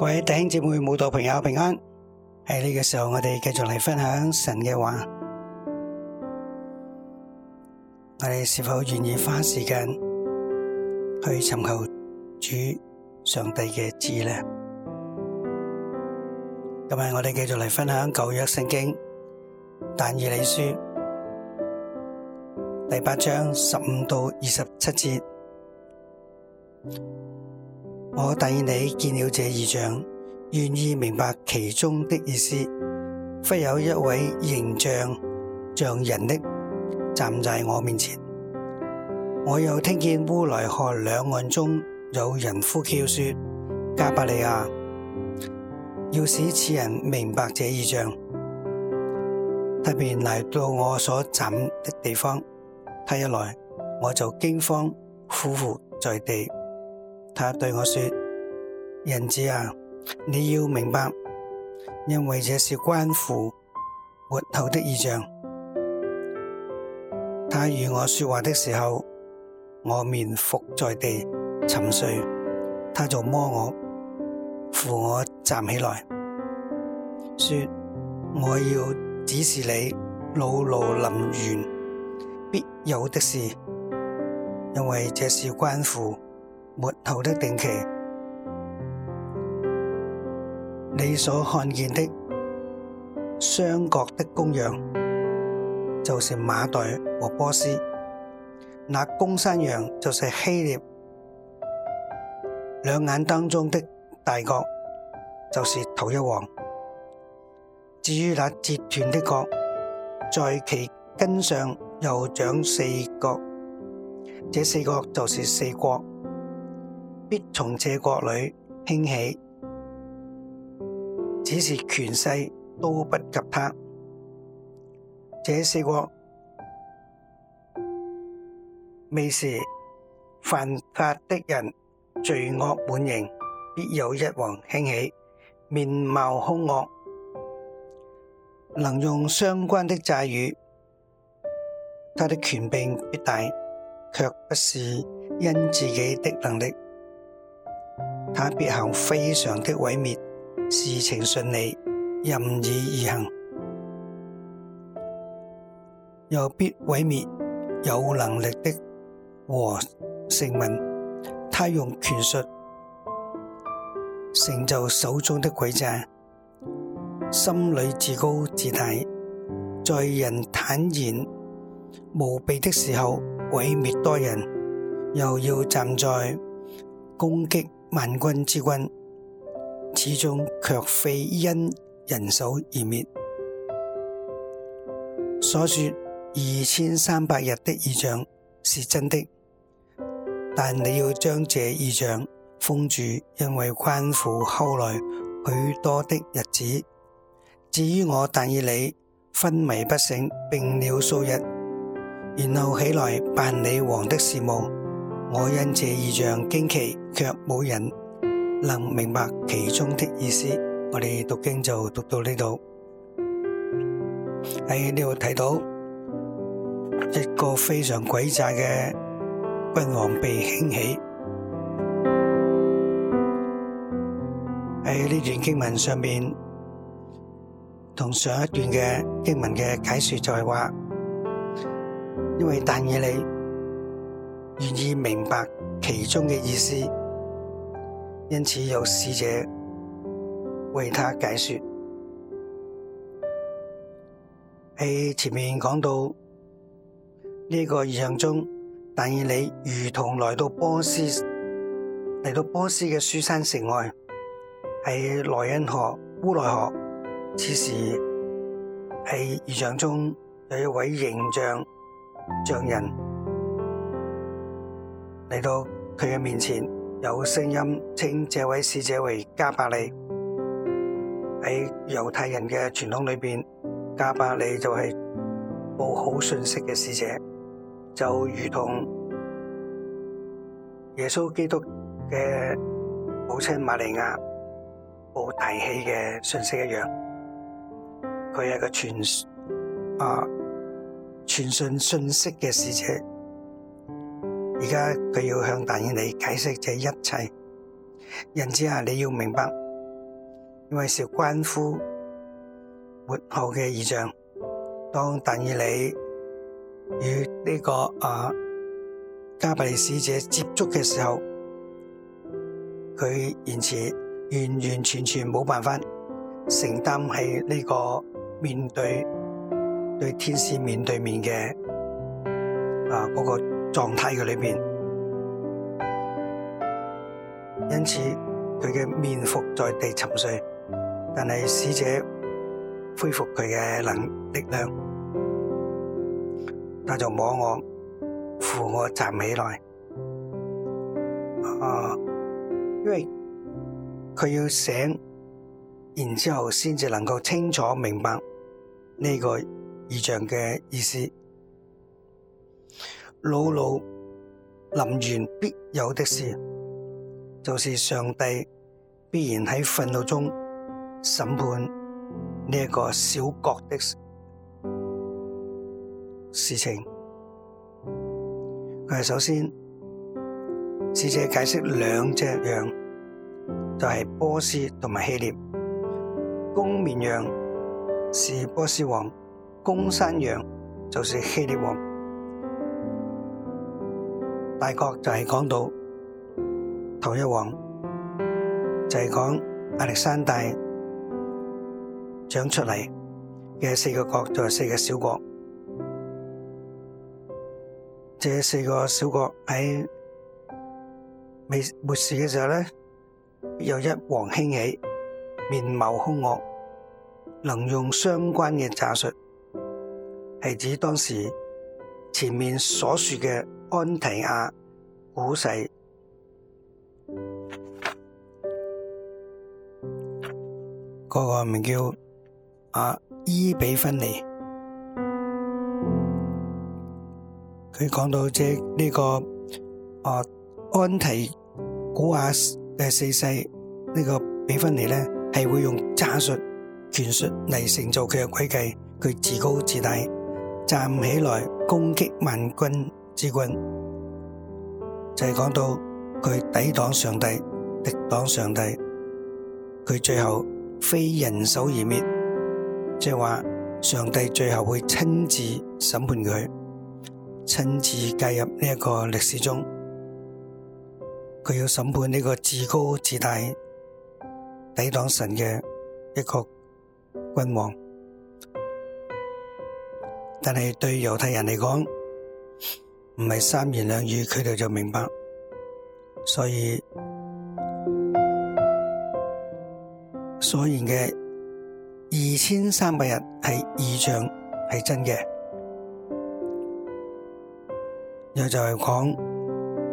各位弟兄姊妹、慕道朋友平安。喺呢個時候，我哋繼續嚟分享神嘅話。我哋是否願意花時間去尋求主、上帝嘅旨呢？今日我哋繼續嚟分享舊約聖經但以理書第八章十五到二十七節。我帶你見了這異象，願意明白其中的意思。忽有一位形象像人的站在我面前，我又聽見烏來河兩岸中有人呼叫說：加百利啊，要使此人明白這異象。他便來到我所站的地方，他一來，我就驚慌，俯伏在地。他對我說：人子啊，你要明白，因為這是關乎末後的異象。他與我說話的時候，我面伏在地沉睡。他就摸我扶我站起來，說：我要指示你，惱怒臨完必有的事，因為這是關乎。末後的定期，你所看見的雙角的公羊，就是瑪代和波斯；那公山羊就是希臘，兩眼當中的大角就是頭一王。至於那折斷的角，在其根上又長四角，這四角就是四國。必從這國裏興起，只是權勢都不及他。這四國末時犯法的人，罪惡滿盈，必有一王興起，面貌兇惡，能用相關的詐語。他的權柄必大，却不是因自己的能力。他必行非常的毀滅，事情順利，任意而行。又必毀滅，有能力的和聖民，他用權術，成就手中的詭詐，心裡自高自大，在人坦然，無備的時候毀滅多人，又要站在攻撃，萬君之君，始終卻非因人手而滅。所說二千三百日的異象是真的，但你要將這異象封住，因為關乎後來許多的日子。至於我但以理昏迷不醒，病了數日，然後起來辦理王的事務。我因這異象驚奇卻冇人能明白其中的意思，我哋讀經就讀到呢度。喺呢度睇到，一個非常詭詐嘅君王被興起。喺呢段經文上面，同上一段嘅經文嘅解說就係話，因為但以理願意明白其中嘅意思，因此有使者為他解說。喺前面講到呢個異象中，但以理如同來到波斯，嚟到波斯嘅書山城外，喺萊恩河、烏萊河。此時喺異象中，有一位形象像人。嚟到佢嘅面前，有聲音稱這位使者為加百利。喺猶太人嘅傳統裏邊，加百利就係報好信息嘅使者，就如同耶穌基督嘅母親瑪利亞報提氣嘅信息一樣，佢係個傳啊傳信信息嘅使者。而家佢要向但以理解釋這一切，因此啊，你要明白，因為是關乎末後嘅異象。當但以理與呢個啊加百利使者接觸嘅時候，佢現時完完全全冇辦法承擔起呢個面對對天使面對面嘅啊嗰個狀態嘅裏邊，因此，佢嘅面伏在地沉睡，但係使者恢復佢嘅能力量，佢就摸我扶我站起來，啊，因為佢要醒，然之後先至能夠清楚明白呢個異象嘅意思。老老臨完必有的事，就是上帝必然喺憤怒中審判呢一個小國的事，事情。佢係首先，使者解釋兩隻羊，就係、是、波斯同埋希臘。公綿羊是波斯王，公山羊就是希臘王。大國就係講到頭一王，就係講亞歷山大長出嚟嘅四個國，就係四個小國。這四個小國喺末世嘅時候咧，有一王興起，面貌凶惡，能用相關嘅詐術，係指當時前面所說嘅。安提亞古世嗰個名叫啊伊比芬尼，佢講到即呢個啊安提古亞嘅四世呢個比芬尼咧，係會用詐術、權術嚟成就佢嘅詭計，佢自高自大，站起來攻擊萬軍。之君就係講到佢抵擋上帝，敵擋上帝，佢最後非人手而滅，即係話上帝最後會親自審判佢，親自介入呢一個歷史中，佢要審判呢個自高自大抵擋神嘅一個君王，但係對猶太人嚟講。唔係三言兩語，佢哋就明白。所以，所言嘅二千三百日係異象係真嘅。又就係講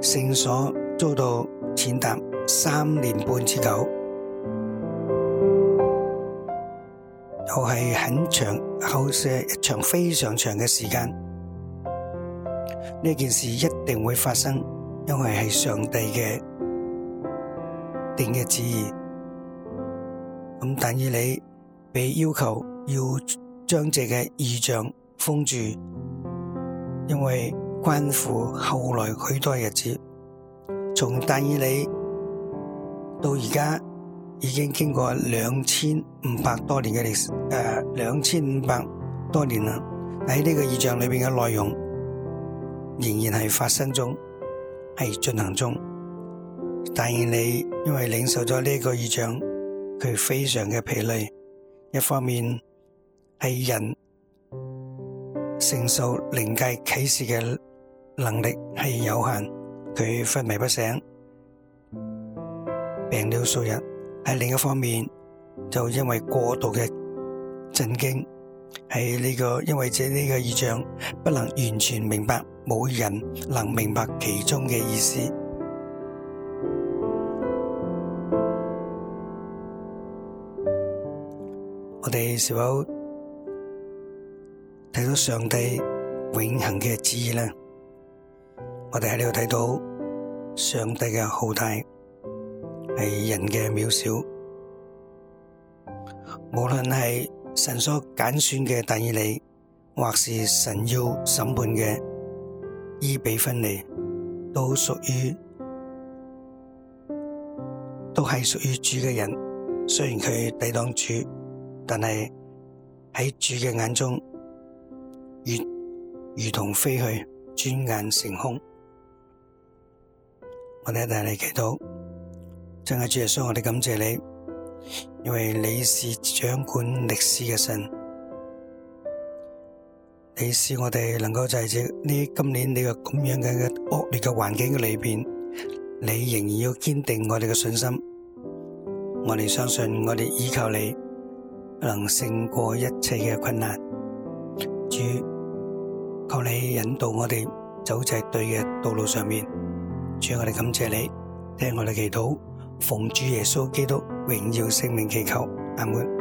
聖所遭到踐踏三年半之久，又、就、係、是、很長，好似一場非常長嘅時間。呢件事一定會發生，因為係上帝嘅定嘅旨意。咁但以理被要求要將這嘅異象封住，因為關乎後來許多日子。從但以理到而家，已經經過兩千五百多年嘅歷史，誒、呃，兩千五百多年啦。喺呢個異象裏邊嘅內容。仍然係發生中，係進行中。但以理因為領受咗呢一個異象，佢非常嘅疲累。一方面係人承受靈界啟示嘅能力係有限，佢昏迷不醒，病了數日；喺另一方面就因為過度嘅震驚，係呢個因為這呢個異象不能完全明白。冇人能明白其中嘅意思。我哋是否睇到上帝永恒嘅旨意呢？我哋喺呢度睇到上帝嘅浩大，係人嘅渺小。無論係神所揀選嘅但以理，或是神要審判嘅。伊比分離，都屬於都係屬於主嘅人。雖然佢抵擋主，但係喺主嘅眼中，如如同飛去，轉眼成空。我哋一齊嚟祈禱，真係主耶穌，我哋感謝你，因為你是掌管歷史嘅神。你使我哋能夠就係這呢今年呢個咁樣嘅嘅惡劣嘅環境嘅裏邊，你仍然要堅定我哋嘅信心。我哋相信我哋依靠你能勝過一切嘅困難。主，求你引導我哋走在對嘅道路上面。主，我哋感謝你，聽我哋祈禱，奉主耶穌基督榮耀聖名祈求，阿門。